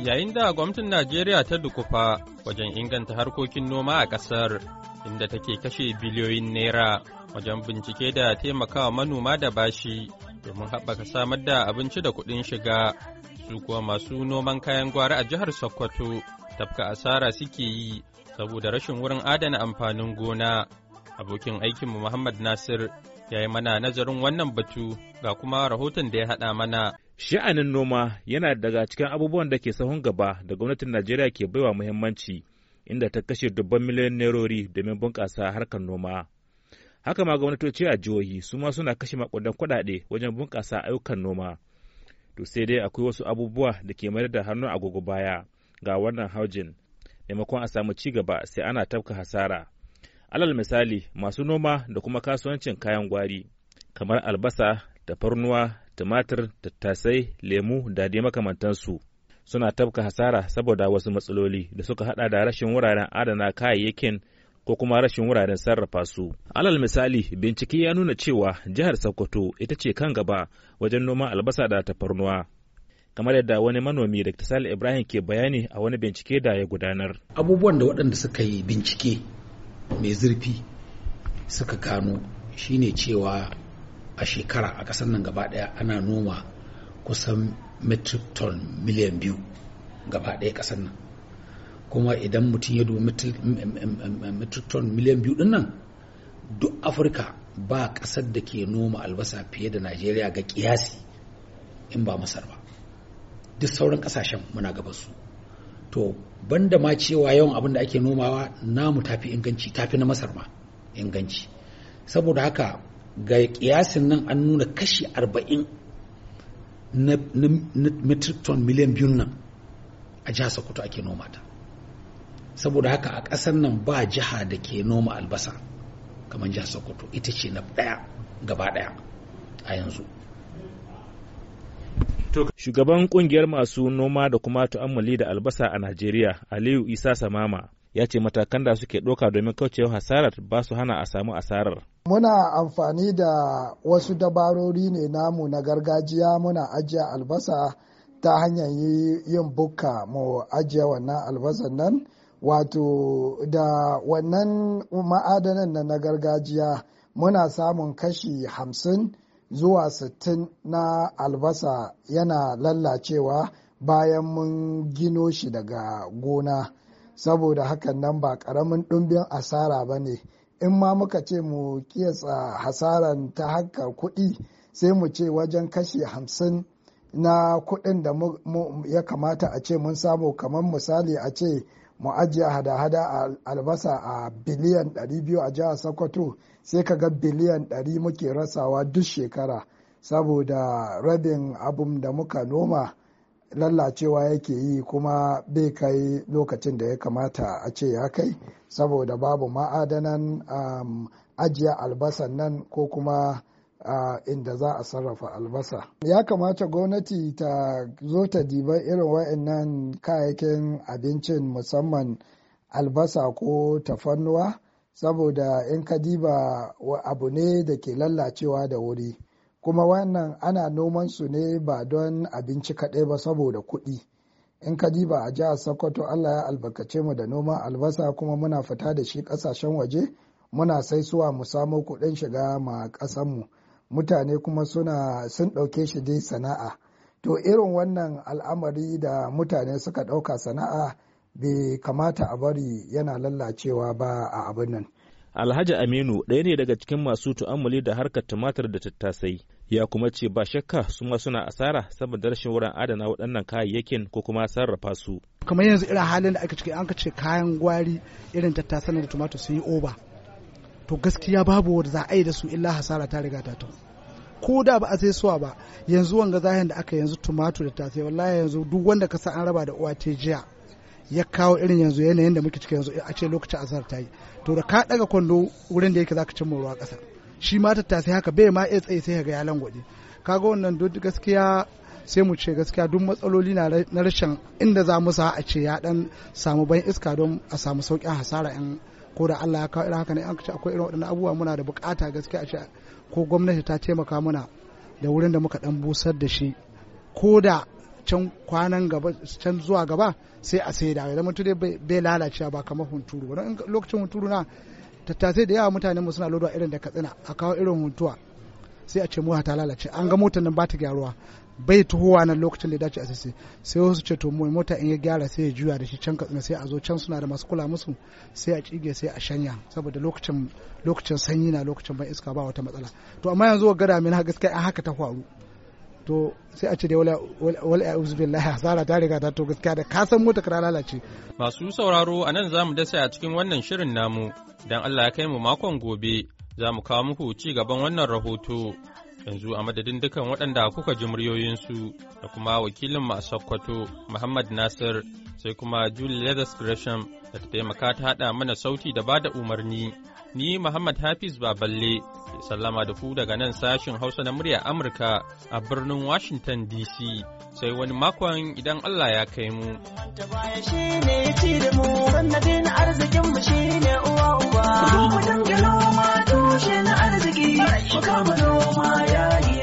Yayin da gwamnatin Najeriya ta dukufa wajen inganta harkokin noma a ƙasar, inda take kashe biliyoyin naira wajen bincike da taimakawa manoma da bashi domin haɓaka samar da abinci da kuɗin shiga, su kuwa masu noman kayan gwari a jihar Sokoto tafka asara suke yi saboda rashin wurin adana amfanin gona. Abokin aikinmu Muhammad Nasir ya yi mana nazarin wannan batu ga kuma rahoton da ya haɗa mana. Sha'anin noma yana daga cikin abubuwan da ke sahun gaba da gwamnatin Najeriya ke baiwa muhimmanci inda ta kashe dubban miliyan nerori domin bunƙasa harkar noma. Haka ma gwamnatoci a jihohi su ma suna kashe makudan kuɗaɗe wajen bunƙasa ayyukan noma. To sai dai akwai wasu abubuwa da ke mayar da hannun agogo baya ga wannan haujin. Maimakon a samu ci gaba sai ana tafka hasara. Alal misali masu noma da kuma kasuwancin kayan gwari kamar albasa, tafarnuwa, tumatir, tattasai, lemu da dai makamantansu. Suna tabka hasara saboda wasu matsaloli da suka hada da rashin wuraren adana kayayyakin ko kuma rashin wuraren sarrafa su. Alal misali, bincike ya nuna cewa jihar Sokoto ita ce kan gaba wajen noman albasa da tafarnuwa. kamar yadda wani manomi da Sale Ibrahim ke bayani a wani bincike da ya gudanar. Abubuwan da waɗanda suka yi bincike mai zurfi suka gano shine cewa a shekara a ƙasar nan gaba ɗaya ana noma kusan metric ton miliyan biyu gaba ɗaya ƙasar nan kuma idan mutum ya duba metric ton miliyan biyu din nan duk afirka ba ƙasar da ke noma albasa fiye da najeriya ga kiyasi in ba masar ba duk sauran ƙasashen muna gabansu to banda ma cewa yawan abin da ake nomawa namu tafi inganci tafi na masar ma inganci saboda haka ga kiyasin nan an nuna kashi arba'in na metric ton miliyan biyun nan a jihar sokoto ake noma ta saboda haka a ƙasar nan ba jiha da ke noma albasa kamar jihar sokoto ita ce na ɗaya gaba ɗaya a yanzu shugaban kungiyar masu noma da kuma tu'ammali da albasa a najeriya aliyu isa samama ya ce matakan da suke ɗauka domin kaucewa hasarar ba su hana a samu asarar. Muna amfani da wasu dabarori ne namu na gargajiya muna ajiye albasa ta hanyar yin bukka mu ajiye wannan albasan nan wato da wannan ma'adanan na gargajiya muna samun kashi hamsin zuwa sittin na albasa yana lallacewa bayan mun gino shi daga gona. saboda hakan nan ba karamin ɗumbin asara ba ne in ma muka ce mu kiyasa hasaran ta haka kuɗi sai mu ce wajen kashe hamsin na kuɗin da ya kamata a ce mun samu kamar misali a ce mu ajiye hada-hada a albasa a biliyan 200 a jihar sokoto sai ka ga biliyan 100 muke rasawa duk shekara saboda rabin abun da muka noma lallacewa yake yi kuma bai kai lokacin da ya kamata a ce ya kai saboda babu ma'adanan um, ajiya albasan nan ko kuma uh, inda za a sarrafa albasa ya kamata gwamnati ta zo ta diba irin wa'annan kayayyakin abincin musamman albasa ko tafannuwa saboda in ka diba abu ne da ke lallacewa da wuri kuma wannan ana noman su ne ba don abinci kaɗai ba saboda kuɗi in ka ji ba a jihar sokoto allah ya albarkace mu da noman albasa kuma muna fita da shi ƙasashen waje muna saisuwa mu samo kuɗin shiga ma mu mutane kuma suna sun ɗauke shi dai sana'a to irin wannan al'amari da mutane suka ɗauka sana'a bai kamata a bari yana lallacewa ba a abin nan alhaji aminu ɗaya ne daga cikin masu tu'amali da harkar tumatir da tattasai ya kuma ce ba shakka su ma suna asara saboda rashin wurin adana waɗannan kayayyakin ko kuma sarrafa su kamar yanzu irin halin da aka ciki an ce kayan gwari irin tattasan da tumatur sun yi oba to gaskiya babu wanda za a yi da su illa hasara ta riga ta to ko da ba a sai suwa ba yanzu wanga zahin da aka yanzu tumatur da tasai wallahi yanzu duk wanda ka sa an raba da uwa ta jiya ya kawo irin yanzu yanayin da muke ciki yanzu a ce lokacin azhar ta yi to da ka daga kwando wurin da yake zaka cin ruwa kasa shi ma tattasai haka bai ma iya tsaye sai ga ya langwaje kaga wannan duk gaskiya sai mu ce gaskiya duk matsaloli na rashin inda za mu sa a ce ya dan samu ban iska don a samu saukin hasara in ko da Allah ya kawo irin haka ne an ce akwai irin waɗannan abubuwa muna da bukata gaskiya a ce ko gwamnati ta taimaka mana da wurin da muka dan busar da shi ko da can kwanan gaba can zuwa gaba sai a saida zama mutum bai lalacewa ba kamar hunturu wani lokacin hunturu na tattasai da yawa mutanen mu suna lodowa irin da katsina a kawo irin huntuwa sai a ce mota ta lalace an ga motar nan ba ta gyaruwa bai tuhowa nan lokacin da ya dace a sisi sai wasu ce to mota in ya gyara sai ya juya da shi can katsina sai a zo can suna da masu kula musu sai a cige sai a shanya saboda lokacin sanyi na lokacin ban iska ba wata matsala to amma yanzu ga damin gaskiya an haka ta faru to sai a ce dai billahi hasara ta riga ta to gaskiya da ka san mota ka lalace masu sauraro a nan zamu dasa a cikin wannan shirin namu dan Allah ya kai mu makon gobe za mu kawo muku ci gaban wannan rahoto yanzu a madadin dukan waɗanda kuka ji muryoyinsu da kuma wakilin a Sokoto Muhammad Nasir sai kuma Julie Leathers Gresham da ta taimaka ta haɗa mana sauti da bada umarni ni Muhammad Hafiz Baballe ke sallama da ku daga nan sashin Hausa na murya Amurka a birnin Washington DC sai wani makon idan Allah ya kai mu. Mu kama noma yayi